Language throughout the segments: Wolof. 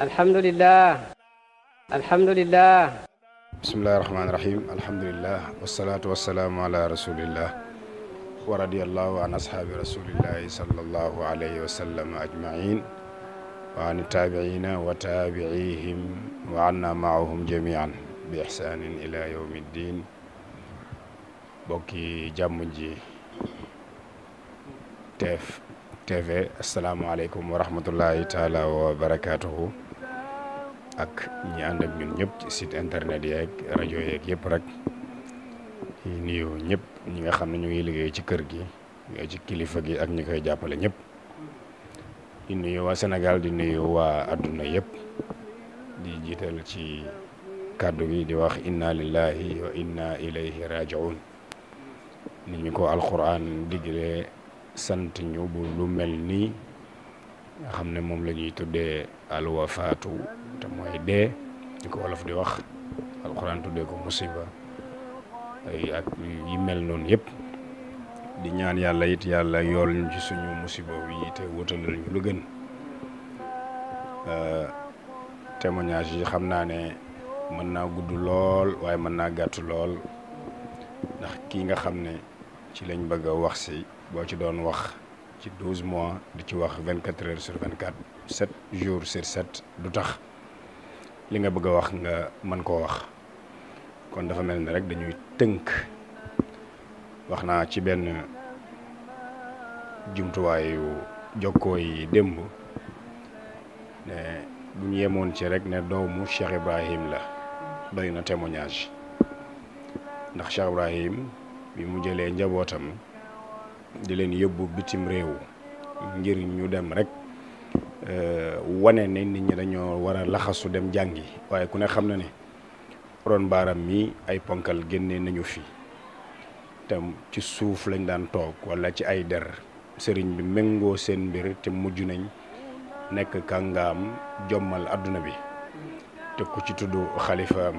الحمد لله الحمد لله بسم الله الرحمن الرحيم الحمد لله والصلاة والسلام على رسول الله ورضي الله عن أصحاب رسول الله صلى الله عليه وسلم أجمعين وعن التابعين وتابعيهم وعنا معهم جميعا بإحسان إلى يوم الدين bokki jàmm تف تف السلام عليكم ورحمة الله تعالى وبركاته ak ñi and ak ñun ñëpp ci site internet radio yi ak yëpp rek di nuyu ñëpp ñi nga xam ne ñu ngi liggéey ci kër gi ci kilifa gi ak ñi koy jàppale ñëpp di nuyu waa Sénégal di nuyu waa àdduna yëpp di jiital ci kàddu gi di wax inna lillahi wa inna ilayhi rajiun ni ñu ko alquran digle sant ñu bu lu mel ni nga xam ne moom la ñuy tuddee alwafaatu te mooy dee di ko olof di wax alxuraan tuddee ko musiba ay ak yi mel noonu yëpp di ñaan yàlla yit yàlla yool ñu ci suñu musiba yi te wutalal ñu lu gën témoignage yi xam naa ne mën naa gudd lool waaye mën naa gàtt lool ndax kii nga xam ne ci lañ bëgg a wax si boo ci doon wax ci douze mois di ci wax vingt quatre heures sur vingt quatre sept jours sur sept du tax li nga bëgg wax nga man koo wax kon dafa mel ni rek dañuy tënk wax naa ci benn jumtuwaayu jokkoo yi démb ne bu ñu yemoon ci rek ne doomu Cheikh Ibrahim la doy na témoignage ndax Cheikh Ibrahim bi mu jëlee njabootam di leen yóbbu bitim réew ngir ñu dem rek Euh, wane ne nit ñi dañoo war laxasu dem jàngi waaye ku ne xam na ne ron baaram mi ay ponkal génne nañu fi te ci suuf lañ daan toog wala ci ay der sëriñ bi méngoo seen mbir te mujj nañ nekk kàngaam jommal àdduna bi te ku ci tudd xalifa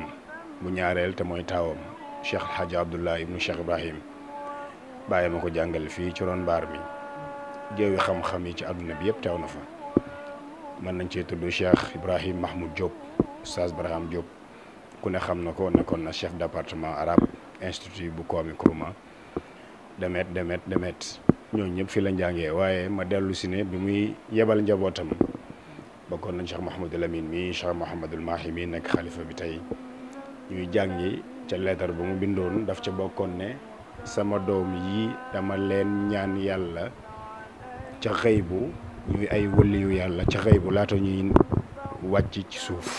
bu ñaareel te mooy taawam Cheikh El Hadj Abdullah ibnu Cheikh Ibrahim bàyyi ma ko jàngal fii ci ron baar mi géewi xam-xam yi ci àdduna bi yëpp teew na fa. mën nañ cee tudd Cheikh Ibrahim Mahmoud Diop Oustaz Job, Diop ku ne xam na ko nekkoon na chef département institut bu Kwame Nkrumah demet demet demet ñooñu ñëpp fi la njàngee waaye ma dellu si ne bi muy yebal njabootam bokkoon nañ Cheikh Mahamadul Amin mi Cheikh Mahamadul Mahi mahimi nekk xalifa bi tey ñuy jàngi ca leetar ba mu bindoon daf ca bokkoon ne sama doom yi dama leen ñaan bu ñuy ay wëliyu yàlla ci xëy bu laata ñuy wàcc ci suuf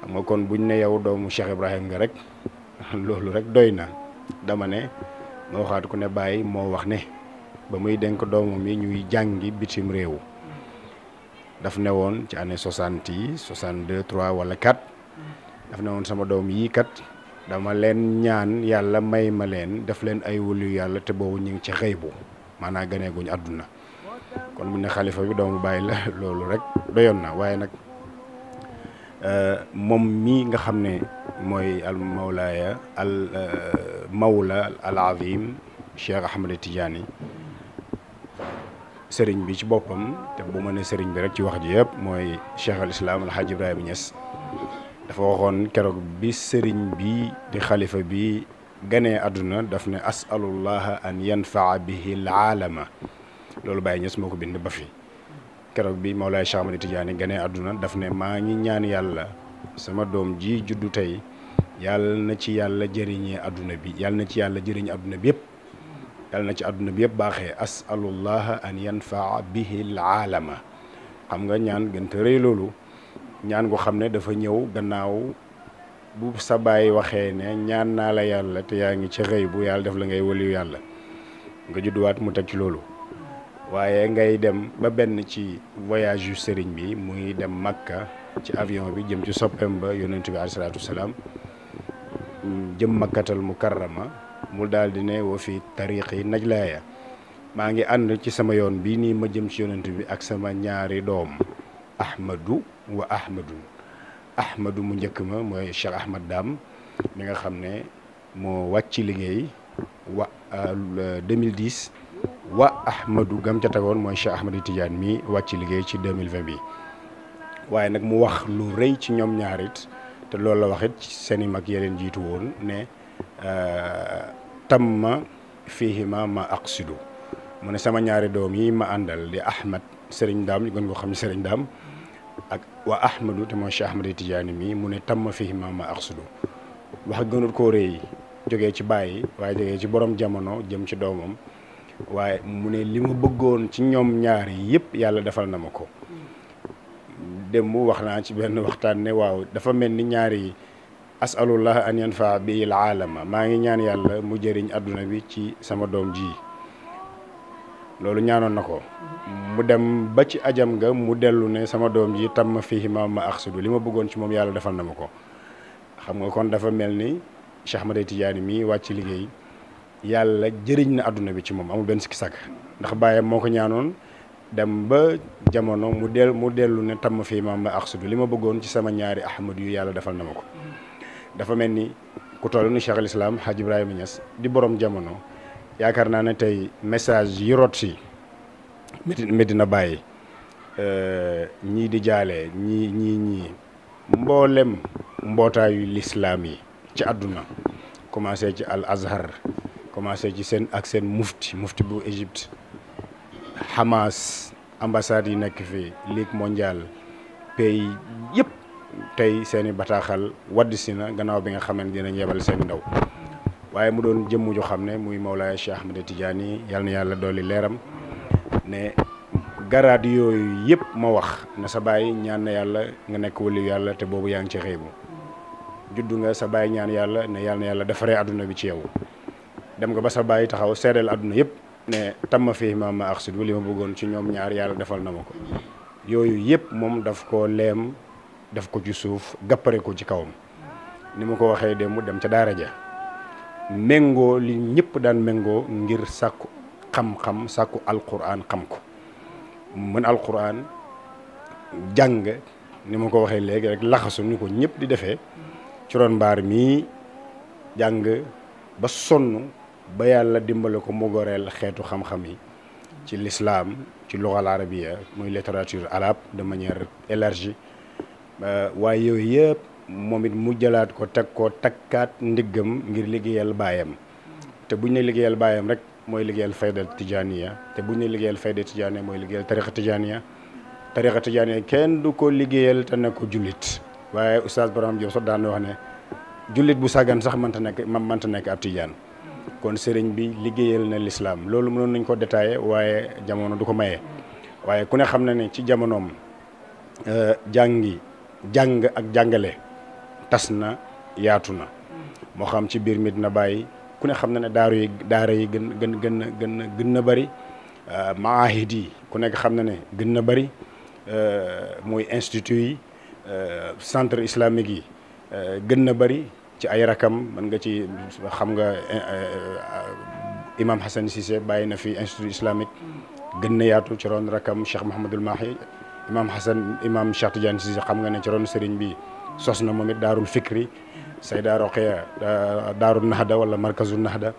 xam nga kon buñ ne yow doomu Cheikh Ibrahim nga rek loolu rek doy na dama ne ma waxaat ku ne bàyyi moo wax ne ba muy denk doomam yi ñuy jàngi bitim réew daf ne woon ci année soixante yi soixante deux trois wala quatre daf ne woon sama doom yii kat dama leen ñaan yàlla may ma leen def leen ay wëliyu yàlla te boobu ñu ngi ci xëybu bu maanaa gëneeguñ àdduna kon mu ne khalifa bi doomu bàyyi la loolu rek doyoon na waaye nag moom mii nga xam ne mooy al mawlaaya al mawla al azim Cheikh Ahmed Tidiane sëriñ bi ci boppam te bu ma ne sëriñ bi rek ci wax ji yëpp mooy Cheikh al Islam al Hadj Ibrahima Niass dafa waxoon keroog bi sëriñ bi di xalifa bi gane aduna daf ne asalullaha an yanfaa bihi al aalama loolu Baye ñess moko bind ba fi kérok bi maulay chamadi Tidiane gané aduna daf né ma ngi ñaan yalla sama dom ji juddu tay yalla na ci yalla jëriñee aduna bi yalla na ci yalla jëriñ aduna bi yépp yalla na ci aduna bi yépp baxé as'alullah an yanfaa bihi al'alama xam nga ñaan gënta reey loolu ñaan go xamné dafa ñëw gannaaw bu sa baye waxé né ñaan na la yalla te yaangi ci xey bu yalla def la ngay waliyu yalla nga wat mu teg ci waaye ngay dem ba benn ci voyage yu sëriñ bi muy dem makka ci avion bi jëm ci soppeem ba yonentu bi alayhi salaam jëm makkatal mu mu di ne fi tariqi najlaaya maa ngi ànd ci sama yoon bi nii ma jëm ci yonent bi ak sama ñaari ahmadu wa ahmadun ahmadu mu njëkk ma mooy cheikh ahmad dam mi nga xam wa 2010 euh, wa ahmadu gam ca tegoon mooy Cheikh Ahmadu Tidiane mi wàcc liggéey ci 2020 bi waaye nag mu wax lu rëy ci ñoom ñaarit te loolu la wax it seen i mag yeleen jiitu woon ne euh, tamma fihima ma aqsidu mu ne sama ñaari doom yi ma àndal di ahmad sëriñ daam ñu gën ko xam sëriñ daam ak wa ahmadu te mooy Cheikh Ahmadu Tidiane mii mu ne tam tamma fihima ma aqsidu wax gënut koo rëy jógee ci bàyyi waaye jógee ci borom jamono jëm ci doomam waaye mu ne li ma bëggoon ci ñoom ñaari yi yëpp yàlla defal na ma ko dem mu wax naa ci benn waxtaan ne waaw dafa mel ni ñaar yi asalullah an yanfaa aalama maa ngi ñaan yàlla mu jëriñ àdduna bi ci sama doom ji loolu ñaanoon na ko mu dem ba ci ajam nga mu dellu ne sama doom ji tam ma fii ma ma axsudu li ma bëggoon ci moom yàlla defal na ma ko xam nga kon dafa mel ni Cheikh Ahmada Tidiane mii wàcc liggéey yàlla jëriñ na àdduna bi ci moom amul benn sikki sàkk ndax bàyyam moo ko ñaanoon dem ba jamono mu del mu dellu ne tàmm fii maam la axsudu li ma bëggoon ci sama ñaari ahmad yu yàlla defal na ma ko dafa mel ni ku toll ni Cheikh al Islam Hadj Ibrahima Niass di borom jamono yaakaar naa ne tey message yi rot si Medina bàyyi euh, ñii di jaale ñii ñii ñii mboolem mbootaayu lislaam yi ci àdduna commencé ci al azhar commencé ci seen ak mufti mufti bu Égypte Hamas ambassades yi nekk fii Ligue Pei, pays yëpp tey seen i bataaxal wadd si na gannaaw bi nga xam ne dinañ yebal seen ndaw waaye mu doon jëmm ju xam ne muy Mawlaaya Cheikh Ahmed Tidiane yal na yàlla dolli leeram ne garaat yooyu yëpp ma wax na sa baay ñaan na yalla nga nekk waliyu yàlla te boobu ci juddu nga sa ñaan ne na yàlla bi ci yow dem nga ba sa baye taxaw sédel aduna yépp ne tamma fi ma ma ak li ma bëggoon ci ñom ñaar yalla defal na ma ko daf ko lém daf ko ci suuf gappare ko ci kawam nima ko waxé dem mu dem ci daara ja mengo li ñëpp daan mengo ngir sakku xam-xam sakku alquran xam ko mën alquran jang nima ko waxé légui rek laxasu ni ko ñëpp di défé ci ron mbaar mi jang ba sonu ba yalla dimbalé ko mo goreel xétu xam-xam yi ci l'islam ci luxal arabia moy littérature arabe de manière élargie wa yooyu yëpp moom mu jëlat ko teg ko takkat ndiggam ngir ligéyal bayam, té buñ ne liggéeyal rek moy ligéyal fayda tijaniya té buñ ne liggéeyal fayda tijaniya moy ligéyal tariqa tijaniya tariqa tijaniya kèn du ko ligéyal té na ko jullit waaye oustaz Borom Diop daan wax né julit bu sagan sax nek man ta nek ab kon sëriñ bi liggéeyal na lislaam loolu mënoon nañ ko détaillé waaye jamono du ko maye waaye ku ne xam na ne ci jamonoom euh, jàngi jàng ak jàngale tas na yaatu na moo xam ci biir Medina bàyyi ku ne xam na ne daaru yi daara yi gën gën gën gën gën na bari euh, maahid yi ku nekk xam na ne gën na bari euh, muy institut yi centre islamique yi gën na bari ci ay rakam mën nga ci xam nga eh, eh, imam Hassan Cissé bàyyi na fi institut islamique gën na yaatu ci ron rakam Cheikh Mahamadul Mahi imam Hassan imam Cheikh Tidiane Cissé xam nga ne ci ron sëriñ bi sos na moom it daarul fikri sayda roqeya daarul nahda wala markazul nahda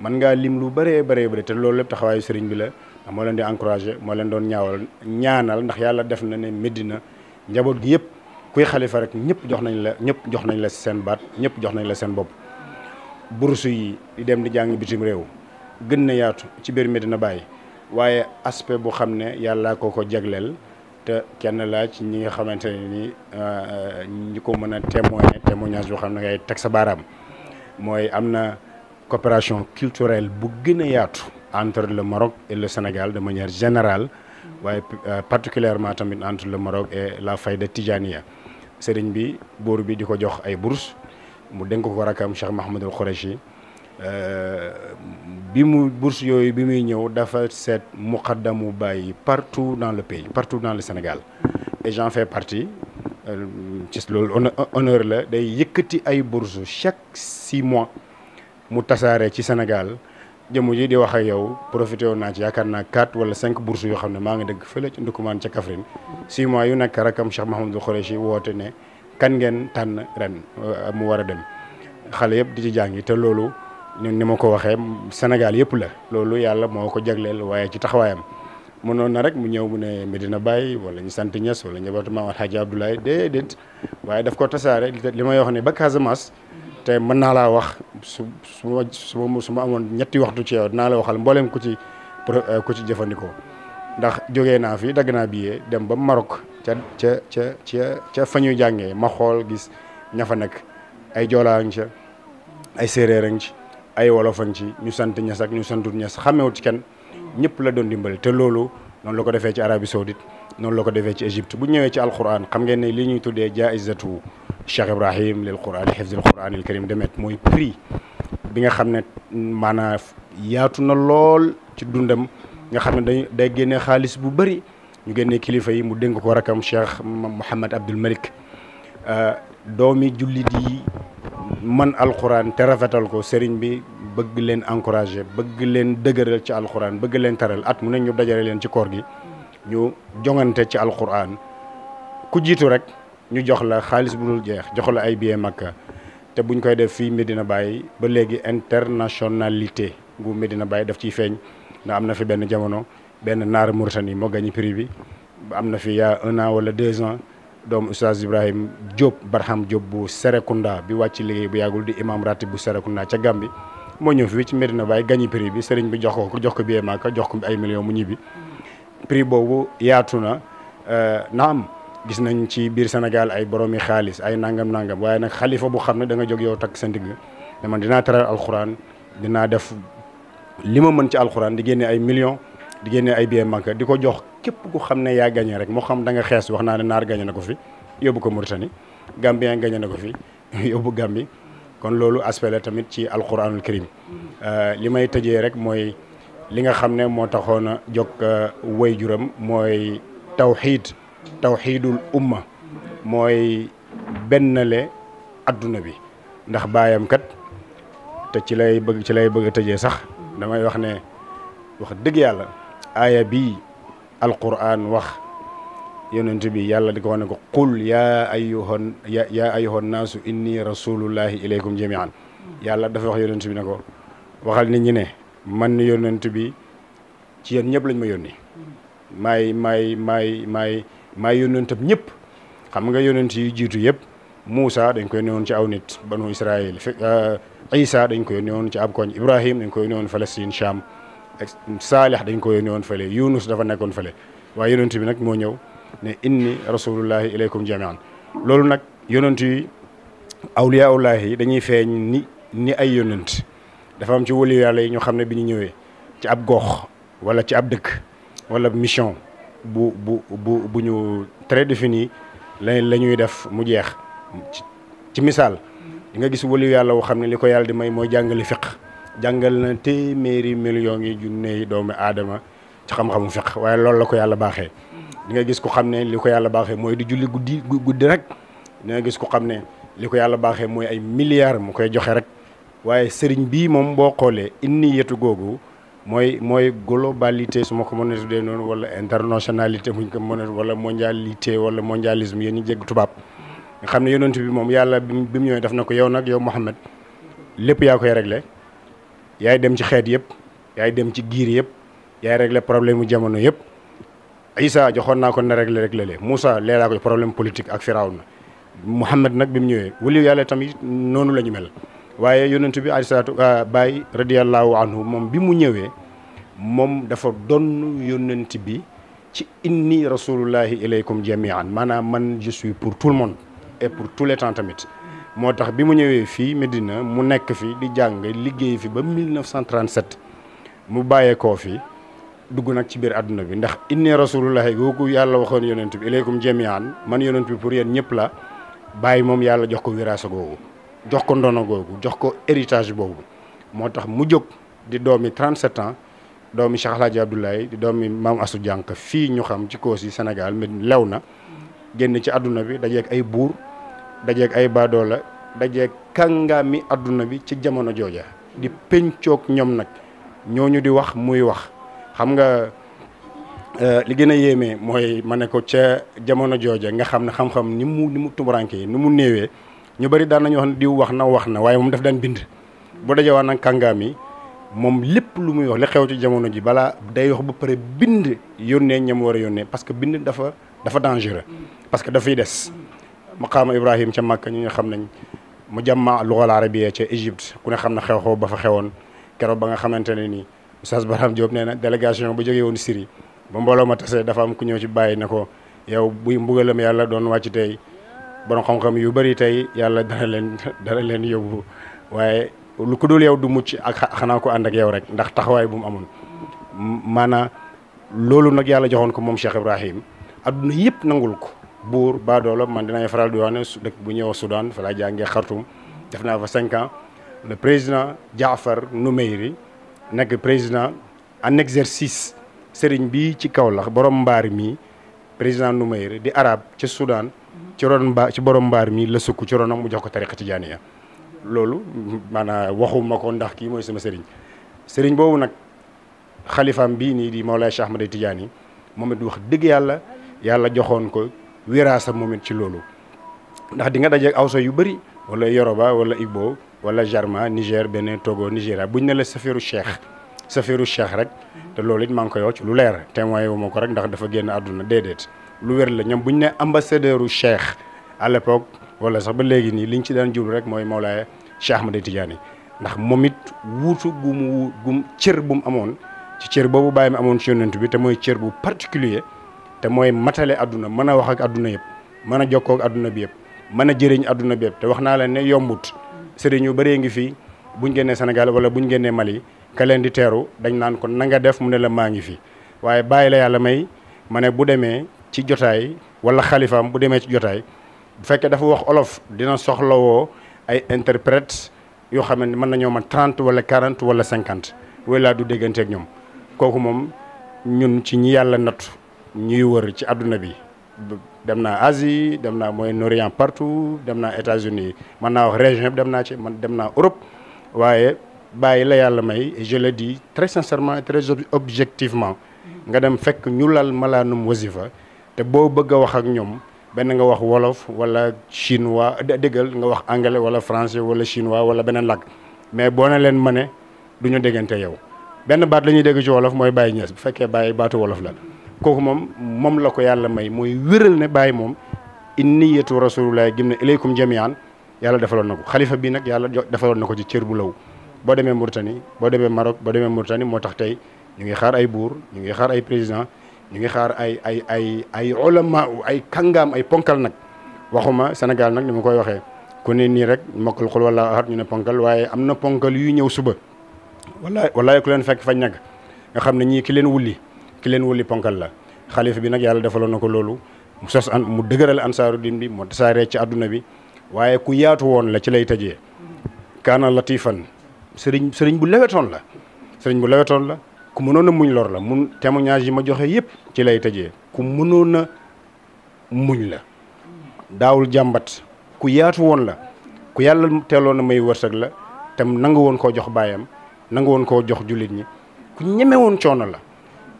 mën nga lim lu bëree bëree bëri te loolu lépp taxawaayu sëriñ bi la moo leen di encouragé moo leen doon ñaawal ñaanal ndax yàlla def na ne Medina njaboot gi yëpp kuy xalifa rek ñëpp jox nañ la ñëpp jox nañ la seen baat ñëpp jox nañ la seen bopp bursu yi di dem di jàng bitim réew gën na yaatu ci biir Medina bàyyi waaye aspect bu xam ne yàlla koo ko jegleel te kenn laa ci ñi nga xamante ne ni euh, ñi ko mën a témoigner témoignage yoo xam ne ngay teg sa baaraam mooy am na coopération culturelle bu gën yaatu entre le Maroc et le Sénégal de manière générale waaye euh, particulièrement tamit entre le Maroc et la Fayda Tijaniya C'est bi bi diko jox ay bourse mu ko rakam Cheikh Khourachi euh, bi mu bourse bi partout dans le pays partout dans le Sénégal et j'en fais partie euh, C'est lool honneur la day chaque six mois mu tassaré ci Sénégal jëmm ji di wax ak yow profité woon naa ci yaakaar naa 4 wala 5 bourse yo xamne ma nga deug feele ci Ndoukoumane ci Kaffrine 6 mois yu nak rakam Cheikh Mahamadou Khoureychi wote ne kan ngeen tan ren euh, mu wara dem xale yeb di ci jangi te lolu ñun nima ko waxe senegal yëpp la lolu yalla moko jaglel waye ci taxawayam mënon na rek mu ñew mu ne Medina bay wala ñu sante ñess wala njabootu Maam hadji Abdoulaye dedet waye daf ko tassare li may wax ne ba Casamance te mën na la wax su su su su ma amoon ñetti waxtu ci yow naa la waxal mbooleem ku ci eh, ku ci jëfandikoo ndax jógee naa fi dagg naa billet dem ba Maroc ca ca ca ca ca fa ma xool gis ña fa nekk ay joolaa ngi ca ay séeréer ngi ci ay wolof ngi ci ñu sant ñes ak ñu santut ci kenn la doon dimbali te loolu noonu la ko defee ci Arabie Saoudite noonu la ko defee ci Égypte bu ñëwee ci alquran xam ngeen ne li ñuy tuddee jaizatu Cheikh Ibrahim lil Quran xifz al Quran al karim demet mooy prix bi nga xam ne maanaam yaatu na lool ci dundam nga xam ne dañ day génne xaalis bu bëri ñu génne kilifa yi mu dénk ko rakam Cheikh Mouhamad Abdul Malik doomi jullit yi man alxuraan te rafetal ko sëriñ bi bëgg leen encourager bëgg leen dëgëral ci alxuraan bëgg leen taral at mu ne ñu dajale leen ci koor gi ñu jongante ci alxuraan ku jiitu rek ñu jox la xaalis bu dul jeex jox la ay billet Makka te buñ koy def fii Medina bàyyi ba léegi internationalité gu Medina bàyyi def ciy feeñ ndax am na fi benn jamono benn naar Mauritanie moo gagné prix bi am na fi yaa un an wala deux ans doomu Oustaz Ibrahim Diop Barham Diop bu Serekunda bi wàcc liggéey bu yàggul di imam ratib bu Serekunda ca Gàmbi moo ñëw fi ci Medina Baye gagné prix bi sëriñ bi jox ko jox ko billet Makka jox ko ay millions mu ñibbi prix boobu yaatu na euh, naam. gis nañ ci biir Sénégal ay boroomi xaalis ay nangam nangam waaye nag xalifa bu xam ne da nga jóg yow takk sa ndigg ne man dinaa teral alxuraan dinaa def li ma mën ci alxuraan di génne ay millions di génne ay billets banque di ko jox képp ku xam ne yaa gagné rek moo xam danga nga xees wax naa ne naar gagné na ko fi yóbbu ko Mauritanie Gambien gagné ne ko fi yóbbu gambi kon loolu aspect la tamit ci alxuraanul karim euh, li may tëjee rek mooy li nga xam ne moo taxoon a jóg euh, way juram mooy tawxiid tawxiidul umma mooy le adduna bi ndax baayam kat te ci lay bëgg ci lay bëgg a sax damay wax ne wax dëgg yàlla aaya bii alquran wax yonent bi yàlla di ko wax ne ko qul yaa ayyuhan yaa ayyuhan naasu inni rasulullahi ilaykum jamian yàlla dafa wax yonent bi ne ko waxal nit ñi ne man yonent bi ci yéen ñëpp lañ ma yónni maay maay maay maay maa maay yónnentam ñëpp xam nga yónnent yu jiitu yëpp Moussa dañ koy newoon ci aw nit banu Israël fe euh, Isa dañ koy newoon ci ab koñ Ibrahim dañ koy newoon Palestine Cham ak Saalih dañ koy newoon fële Yunus dafa nekkoon fële waaye yónnent bi nag moo ñëw ne inni rasulullahi ilaykum jamian loolu nag yónnent yi awliyaullahi yi dañuy feeñ ni ni ay yónnent dafa am ci wëli yàlla yi ñoo xam ne bi ñu ñëwee ci ab gox wala ci ab dëkk wala mission bu bu bu bu ñu très défini la la def mu jeex ci misal di nga gis wali yalla woo xam liko yalla di may moy jangali fiq jangal na téeméeri million yi junne doomi adama ci xam-xamu fiq waye lool la ko yalla baxé di nga gis ko xam liko yalla baxé moy di julli guddi guddi rek di nga gis ko xam liko yalla baxé moy ay milliards mu koy joxé rek waaye sëriñ bii moom boo xoolee inniyatu gogou mooy mooy globalité su ma ko mën a noonu wala internationalité muñ ko mën a wala mondialité wala mondialisme yéen ñi jégg tubaab nga xam ne yonent bi moom yàlla bi mu ñëwee daf na ko yow nag yow Mouhamed lépp yaa koy réglé yaay dem ci xeet yëpp yaay dem ci giir yëpp yaay réglé problème mu jamono yëpp Isa joxoon naa ko na réglé réglé lee Moussa lee laa problème politique ak Firawna Mouhamed nag bi mu ñëwee waliyu yàlla tamit noonu la ñu mel wa yonent bi alisalatu ah, Baye radiallahu anhu moom bi mu ñëwee moom dafa donn yonent bi ci inni rasulullahi ilaykum jamian maanaam man je suis pour tout le monde et pour tous les temps tamit bi mu Medina mu nekk fi di jàng liggéey fi ba 1937 mu bàyyeekoo fi dugg nag ci biir àdduna bi ndax inni rasulullahi goku yàlla waxoon yonent bi ilaykum jamian man yonent bi pour yéen ñëpp la bàyyi moom jox ko jox ko ndono googu jox ko héritage boobu moo mu jóg di doomi 37 ans doomi Cheikh Alhaji Abdoulaye di doomi mam Asu Jànk fii ñu xam ci Kossy na ci àdduna bi dajeeg ay buur dajeeg ay baadoola dajeeg kàngaami àdduna bi ci jamono di pencoog ñoom nag di wax muy wax xam nga euh, li gën a yéeme mooy ko ca jamono jooja nga xam ne xam-xam ni mu ni mu ni mu ñu bari daan nañu wax diw wax na wax na waaye moom daf daan bind bu dajewaan nag kàngaam yi moom lépp lu muy wax li xew ci jamono ji balaa day wax ba pare bind yónnee ñam war a parce que bind dafa dafa dangereux parce que dafay des maqaama ibrahim ca màkka ñu nga xam nañ mu jàmma luxal arabiya ca égypte ku ne xam na xew-xew ba fa xewoon keroog ba nga xamante ne Oustaz Barham Diop nee na délégation bu jógee woon Syrie ba mbooloo ma dafa am ku ñëw ci bàyyi ne ko yow buy mbugalam yàlla doon wàcc tey borom xam-xam yu bëri tey yàlla dana leen dana leen yóbbu waaye lu ko dul yow du mucc ak xanaa ko ànd ak yow rek ndax taxawaay bu mu amoon maanaam loolu nag yàlla joxoon ko moom Cheikh Ibrahim adduna yëpp nangul ko buur baadoola man dinay faral di wax ne dëkk bu ñëw Soudan fa laa jàngee Khartoum def naa fa cinq ans le président Jaafar Noumeiri nekk président en exercice sëriñ bi ci kaw la borom mbaar mi président nu Noumeiri di araab ci Soudan ci ron mbaar ci borom mbaar mii la sukk ci ronam mu jox ko tariqa tijaaniya loolu maanaam waxuma ko ndax kii mooy sama sëriñ sëriñ boobu nag xalifaam bii nii di moo Mawlaay Cheikh Ahmad Tijaani moom it wax dégg yàlla yàlla joxoon ko wiraasa moom it ci loolu ndax di nga dajeeg awso yu bëri wala Yoruba wala Igbo wala Jarma Niger Bénin Togo Nigéria buñ ne la safiru cheikh safiru cheikh rek te loolu it maa ngi ci lu leer témoin wu ko rek ndax dafa génn àdduna déedéet lu wér la ñoom bu ñu ne ambassadeur u cheikh à l'époque wala sax ba léegi nii liñ ci daan jublu rek mooy Mawlaaya Cheikh Ahmada Tidiane ndax momit it wuutu gum cër bu mu amoon ci cër boobu bàyyi mi amoon ci yonent bi bu particulier matale aduna mana a wax ak àdduna yëpp mën a jokkoo ak aduna bi jëriñ bi te wax naa ne yombut sëriñ yu fi. ngi fii buñ génnee Sénégal wala buñ génnee Mali ka leen di dañ kon nga def mu ne la fi waaye bàyyi la yàlla may ma bu ci jotaay wala xalifaam bu demee ci jotaay bu féké dafa wax olof dina soxlawoo ay interprètes yo xam ne mën nañoo man 30 wala 40 wala 50 wala du déggante ak ñom koku mom ñun ci ñi yalla nat ñuy wër ci aduna bi dem naa Asie dem naa Moyen-Orient partout dem naa États-Unis man na wax région yëpp dem naa ci man dem naa Europe waaye baye la yalla may je le dis très sincèrement et très objectivement nga dem fekk ñu lal malanum wazifa te boo bëgg a wax ak ñoom benn nga wax wolof wala chinois déggal nga wax anglais wala français wala chinois wala beneen làkk mais boo ne leen ma ne du ñu déggante yow benn baat la ñuy dégg ci wolof mooy bàyyi Niass bu fekkee bàyyi baatu wolof la kooku moom moom la ko yàlla may mooy wéral ne bàyyi moom inniyatu rasulullahi gim ne ilaykum jamian yàlla defaloon na ko xalifa bi nag yàlla defaloon na ko ci cër bu law boo demee Mauritanie boo demee Maroc boo demee Mauritanie moo tax tey ñu ngi xaar ay buur ñu ngi xaar ay président ñu ngi xaar ay ay ay ay ulama ay kàngaam ay ponkal nag waxuma Sénégal nag ni mu koy waxee ku ne nii rek mokkal xul wala xar ñu ne ponkal waaye am na ponkal yuy ñëw suba wala walaay ku leen fekk fa ñag nga xam ne ñii ki leen wulli ki leen wulli ponkal la xalifa bi nag yàlla defaloon na ko loolu mu sos an mu dëgëral ansaaru din bi mu tasaaree ci àdduna bi waaye ku yaatu woon la ci lay tëjee kaana latifan sëriñ sëriñ bu lewetoon la sëriñ bu lewetoon la ku mënoon a muñ lor la mun témoignage yi ma joxe yëpp ci lay tëjee ku mënoon a muñ la daawul jàmbat ku yaatu woon la ku yàlla teeloon na may wërsëg la te nangu woon koo jox baayam nangu woon koo jox jullit ñi ku ñeme woon coono la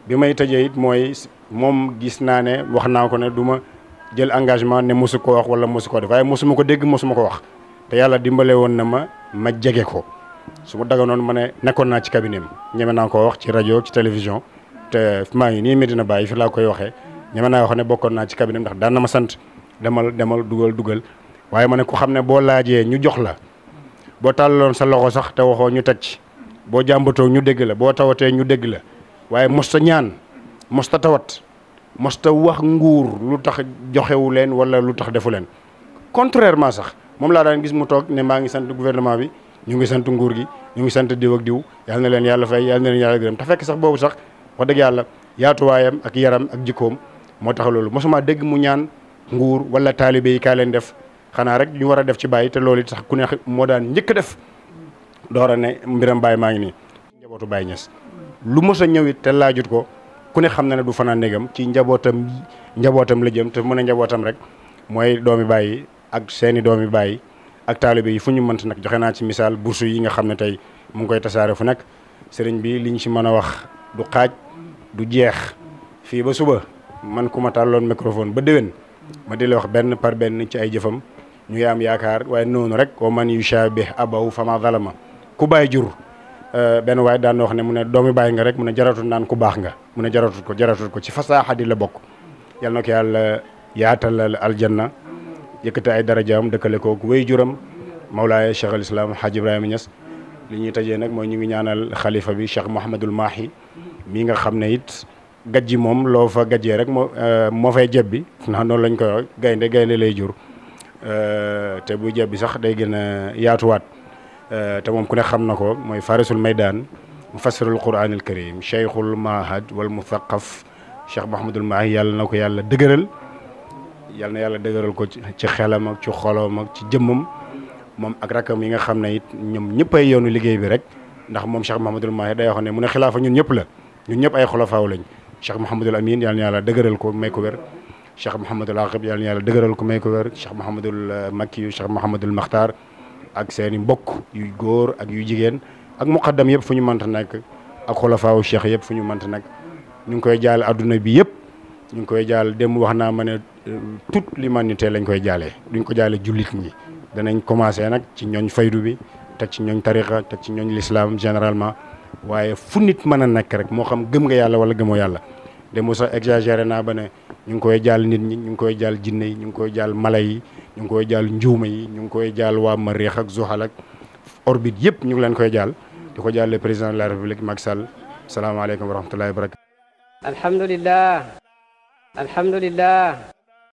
bi may tajee it mooy moom gis naa ne wax naa ko ne du ma jël engagement ne mosu ko wax wala mosu ko def waaye mosuma ko dégg mosuma ko wax te yàlla dimbale woon na ma ma jege ko su ma daganoon ma ne nekkoon naa ci cabinet ñeme naa koo wax ci rajo ci télévision te maa ngi nii Medina Baye fi laa koy waxee ñeme naa wax ne bokkoon naa ci cabinet am ndax daan na ma sant demal demal dugal dugal waaye ma ne ku xam ne boo laajee ñu jox la boo tàllaloon sa loxo sax te waxoo ñu teg ci boo jàmbatoo ñu dégg la boo tawatee ñu dégg la waaye mosta ñaan mosta tawat mosta wax nguur lu tax joxewu leen wala lu tax defu leen contrairement sax moom laa daan gis mu toog ne maa ngi sant gouvernement bi ñu ngi sant nguur gi ñu ngi sant diw ak diw yal na leen yàlla fay yal na leen yàlla gërëm te fekk sax boobu sax moo dëgg yàlla yaatuwaayam ak yaram ak jikkoom moo tax loolu mosuma dégg mu ñaan nguur wala taalibe yi kaa leen def xanaa rek ñu war a def ci bàyyi te loolu sax ku ne moo daan njëkk def door a ne mbiram bàyyi maa ngi nii njabootu Baye Niass lu mos a ñëw it te laajut ko ku ne xam na ne du fanaan néegam ci njabootam njabootam la jëm te mu a njabootam rek mooy doomi bàyyi ak seeni doomi bàyyi ak taalibe yi fu ñu mënt nag joxe naa ci misaal bourse yi nga xam ne tey mu ngi koy tasaare fu nekk sëriñ bi liñ ci man a wax du xaaj du jeex fii ba suba man ku ma tàlloon microphone ba déwén ma di la wax benn par benn ci ay jëfam ñu am yaakaar waaye noonu rek wa man yushabih abaw fama zalama ku bàyyi jur euh, benn waaye daan wax ne mu ne doomi bàyyi nga rek mu ne jaratul naan ku baax nga mu ne jaratul ko jaratul ko ci fasaaxa di la bokk yal na ko yëkkati ay darajaam dëkkale kook wéy juram Mawlaaya Cheikh al Islam Hadj Ibrahima Niass li ñuy tëjee nag mooy ñu ngi ñaanal xalifa bi Cheikh Mouhamadul Mahi mi nga xam ne it gajji moom loo fa gajjee rek mo moo fay jebbi ndax noonu lañ koy gaynde gaynde lay jur te bu jebbi sax day gën a yaatuwaat te moom ku ne xam na ko mooy farisul maydaan mufassirul quraanil karim cheikhul mahad wal muthaqaf Cheikh Mouhamadul Mahi yàlla na ko yàlla dëgëral yal na yàlla dëgëral ko ci xelam ak ci xolom ak ci jëmmam moom ak rakam yi nga xam ne it ñoom ñëpp ay yoonu liggéey bi rek ndax moom Cheikh Mahamadul Mahi day wax ne mu ne xilaafa ñun ñëpp la ñun ñëpp ay xolofaaw lañ Cheikh Mouhamadul Amin yal na yàlla dëgëral ko may ko wér Cheikh Mouhamadul Aqib yal na yàlla dëgëral ko may ko wér Cheikh Mouhamadul euh, Makki Cheikh Mouhamadul Makhtar ak seen i mbokk yu góor ak yu jigéen ak muqaddam yëpp fu ñu mënta nekk ak xolofaawu Cheikh yëpp fu ñu mënta nekk ñu ngi koy jaal adduna bi yëpp ñu ngi koy jaal dem wax naa ma ne Euh, toute l'humanité lañ koy jaalee duñ ko jaale jullit ñi danañ commencé nag ci ñooñ faydu bi teg ci ñooñ tariqa teg ci ñooñ l'islam généralement waaye fu nit mën a nekk rek moo xam gëm nga yàlla wala gëmoo yàlla de demoo sax exagéré naa ba ne ñu ngi koy jaal nit ñi ñu ngi koy jaal jinne yi ñu ngi koy jaal mala yi ñu ngi koy jaal njuuma yi ñu ngi koy jaal waa Mariix ak Zuhal ak orbite yëpp ñu ngi leen koy jaal di ko jaal le président de la république Macky Sall salaamaaleykum wa rahmatullahi wa